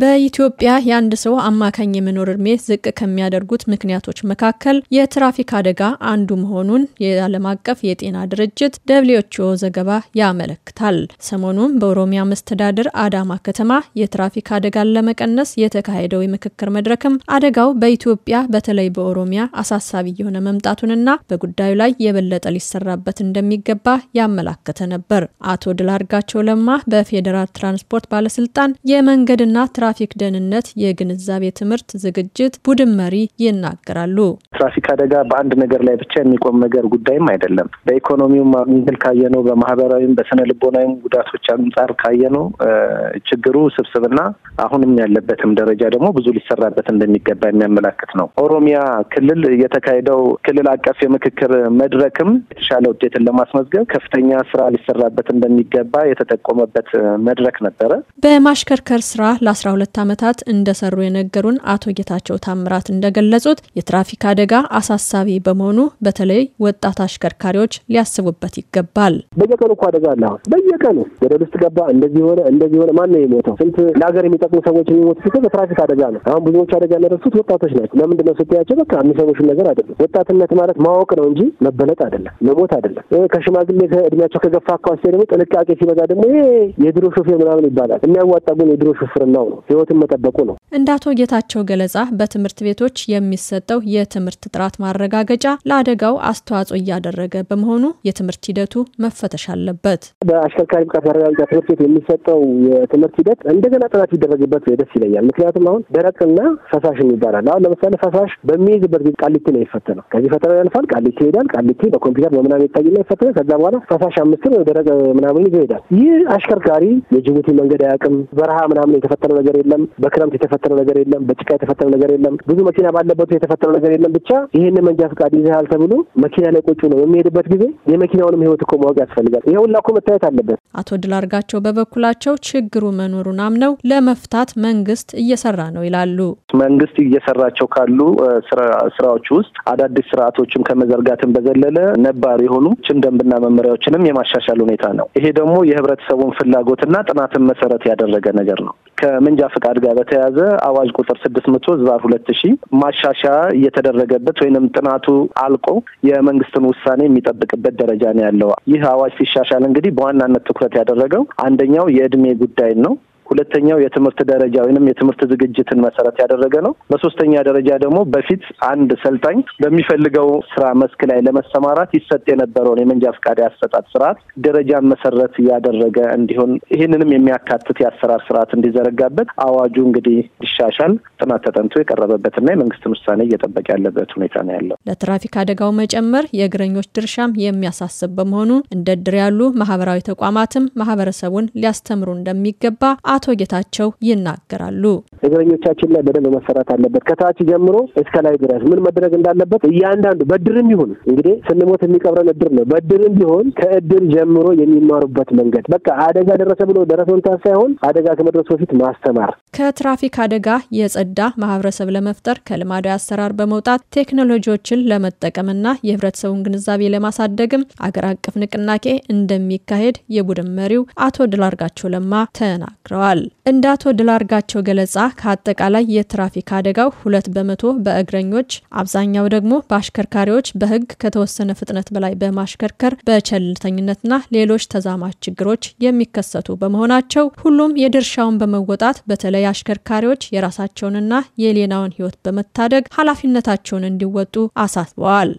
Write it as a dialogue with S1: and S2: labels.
S1: በኢትዮጵያ የአንድ ሰው አማካኝ የመኖር እድሜ ዝቅ ከሚያደርጉት ምክንያቶች መካከል የትራፊክ አደጋ አንዱ መሆኑን የዓለም አቀፍ የጤና ድርጅት ደብሊውኤችኦ ዘገባ ያመለክታል። ሰሞኑን በኦሮሚያ መስተዳድር አዳማ ከተማ የትራፊክ አደጋን ለመቀነስ የተካሄደው የምክክር መድረክም አደጋው በኢትዮጵያ በተለይ በኦሮሚያ አሳሳቢ የሆነ መምጣቱንና በጉዳዩ ላይ የበለጠ ሊሰራበት እንደሚገባ ያመላከተ ነበር። አቶ ድላርጋቸው ለማ በፌዴራል ትራንስፖርት ባለስልጣን የመንገድና የትራፊክ ደህንነት የግንዛቤ ትምህርት ዝግጅት ቡድን መሪ ይናገራሉ።
S2: ትራፊክ አደጋ በአንድ ነገር ላይ ብቻ የሚቆም ነገር ጉዳይም አይደለም። በኢኮኖሚውም አንግል ካየነው፣ በማህበራዊም በስነ ልቦናዊም ጉዳቶች አንጻር ካየነው ችግሩ ስብስብና አሁንም ያለበትም ደረጃ ደግሞ ብዙ ሊሰራበት እንደሚገባ የሚያመላክት ነው። ኦሮሚያ ክልል የተካሄደው ክልል አቀፍ የምክክር መድረክም የተሻለ ውጤትን ለማስመዝገብ ከፍተኛ ስራ ሊሰራበት እንደሚገባ የተጠቆመበት መድረክ ነበረ።
S1: በማሽከርከር ስራ ለአስራ 12 ዓመታት እንደሰሩ የነገሩን አቶ ጌታቸው ታምራት እንደገለጹት የትራፊክ አደጋ አሳሳቢ በመሆኑ በተለይ ወጣት አሽከርካሪዎች ሊያስቡበት ይገባል።
S3: በየቀኑ እኮ አደጋ አለ። አሁን በየቀኑ ገደል ውስጥ ገባ፣ እንደዚህ ሆነ፣ እንደዚህ ሆነ። ማን ነው የሞተው? ስንት ለሀገር የሚጠቅሙ ሰዎች የሚሞቱ ሲ በትራፊክ አደጋ ነው። አሁን ብዙዎች አደጋ ያደረሱት ወጣቶች ናቸው። ለምንድን ነው ስትያቸው፣ በቃ የሚሰሙሽን ነገር አይደለም። ወጣትነት ማለት ማወቅ ነው እንጂ መበለጥ አይደለም፣ መሞት አይደለም። ከሽማግሌ ከእድሜያቸው ከገፋ አካባቢ ደግሞ ጥንቃቄ ሲበዛ ደግሞ ይሄ የድሮ ሾፌር ምናምን ይባላል። የሚያዋጣ ግን የድሮ ሹፍርናው ነው። ህይወትን መጠበቁ ነው።
S1: እንደ አቶ ጌታቸው ገለጻ በትምህርት ቤቶች የሚሰጠው የትምህርት ጥራት ማረጋገጫ ለአደጋው አስተዋጽኦ እያደረገ በመሆኑ የትምህርት ሂደቱ መፈተሽ
S3: አለበት። በአሽከርካሪ ብቃት ማረጋገጫ ትምህርት ቤት የሚሰጠው የትምህርት ሂደት እንደገና ጥናት ይደረግበት ደስ ይለኛል። ምክንያቱም አሁን ደረቅና ፈሳሽ የሚባላል። አሁን ለምሳሌ ፈሳሽ በሚይዝበት ጊዜ ቃሊቲ ነው ይፈተነው። ከዚህ ፈተና ያልፋል፣ ቃሊቲ ይሄዳል። ቃሊቲ በኮምፒውተር በምናምን ይታይና ይፈተናል። ከዛ በኋላ ፈሳሽ አምስትን ወይ ደረቅ ምናምን ይዞ ይሄዳል። ይህ አሽከርካሪ የጅቡቲ መንገድ አያውቅም፣ በረሃ ምናምን የተፈተነው ነገር ነገር የለም። በክረምት የተፈጠረ ነገር የለም። በጭቃ የተፈጠረ ነገር የለም። ብዙ መኪና ባለበት የተፈጠረ ነገር የለም። ብቻ ይህን መንጃ ፈቃድ ይዘሃል ተብሎ መኪና ላይ ቁጭ ነው የሚሄድበት ጊዜ የመኪናውንም ህይወት እኮ ማወቅ ያስፈልጋል። ይሄ ሁላ እኮ መታየት አለበት።
S1: አቶ ድላርጋቸው በበኩላቸው ችግሩ መኖሩን አምነው ለመፍታት መንግስት እየሰራ ነው ይላሉ።
S2: መንግስት እየሰራቸው ካሉ ስራዎች ውስጥ አዳዲስ ስርዓቶችም ከመዘርጋትን በዘለለ ነባር የሆኑ ችን ደንብና መመሪያዎችንም የማሻሻል ሁኔታ ነው። ይሄ ደግሞ የህብረተሰቡን ፍላጎትና ጥናትን መሰረት ያደረገ ነገር ነው። ከመንጃ ፈቃድ ጋር በተያያዘ አዋጅ ቁጥር ስድስት መቶ ዝባር ሁለት ሺህ ማሻሻያ እየተደረገበት ወይንም ጥናቱ አልቆ የመንግስትን ውሳኔ የሚጠብቅበት ደረጃ ነው ያለው። ይህ አዋጅ ሲሻሻል እንግዲህ በዋናነት ትኩረት ያደረገው አንደኛው የእድሜ ጉዳይን ነው። ሁለተኛው የትምህርት ደረጃ ወይንም የትምህርት ዝግጅትን መሰረት ያደረገ ነው። በሶስተኛ ደረጃ ደግሞ በፊት አንድ ሰልጣኝ በሚፈልገው ስራ መስክ ላይ ለመሰማራት ይሰጥ የነበረውን የመንጃ ፈቃድ አሰጣጥ ስርዓት ደረጃን መሰረት ያደረገ እንዲሆን ይህንንም የሚያካትት የአሰራር ስርዓት እንዲዘረጋበት አዋጁ እንግዲህ ይሻሻል። ጥናት ተጠንቶ የቀረበበትና የመንግስትን ውሳኔ እየጠበቀ ያለበት ሁኔታ ነው ያለው።
S1: ለትራፊክ አደጋው መጨመር የእግረኞች ድርሻም የሚያሳስብ በመሆኑ እንደ ያሉ ማህበራዊ ተቋማትም ማህበረሰቡን ሊያስተምሩ እንደሚገባ አቶ ጌታቸው ይናገራሉ።
S3: እግረኞቻችን ላይ በደንብ መሰራት አለበት። ከታች ጀምሮ እስከ ላይ ድረስ ምን መድረግ እንዳለበት እያንዳንዱ በድርም ይሁን እንግዲህ ስንሞት የሚቀብረን እድር ነው። በድርም ቢሆን ከእድር ጀምሮ የሚማሩበት መንገድ በቃ አደጋ ደረሰ ብሎ ደረሰውን ሳይሆን አደጋ ከመድረሱ በፊት ማስተማር፣
S1: ከትራፊክ አደጋ የጸዳ ማህበረሰብ ለመፍጠር ከልማዳዊ አሰራር በመውጣት ቴክኖሎጂዎችን ለመጠቀምና የህብረተሰቡን ግንዛቤ ለማሳደግም አገር አቀፍ ንቅናቄ እንደሚካሄድ የቡድን መሪው አቶ ድላርጋቸው ለማ ተናግረዋል። ገልጸዋል። እንደ አቶ ድላርጋቸው ገለጻ ከአጠቃላይ የትራፊክ አደጋው ሁለት በመቶ በእግረኞች አብዛኛው ደግሞ በአሽከርካሪዎች በህግ ከተወሰነ ፍጥነት በላይ በማሽከርከር በቸልተኝነትና ሌሎች ተዛማች ችግሮች የሚከሰቱ በመሆናቸው ሁሉም የድርሻውን በመወጣት በተለይ አሽከርካሪዎች የራሳቸውንና የሌናውን ህይወት በመታደግ ኃላፊነታቸውን እንዲወጡ አሳስበዋል።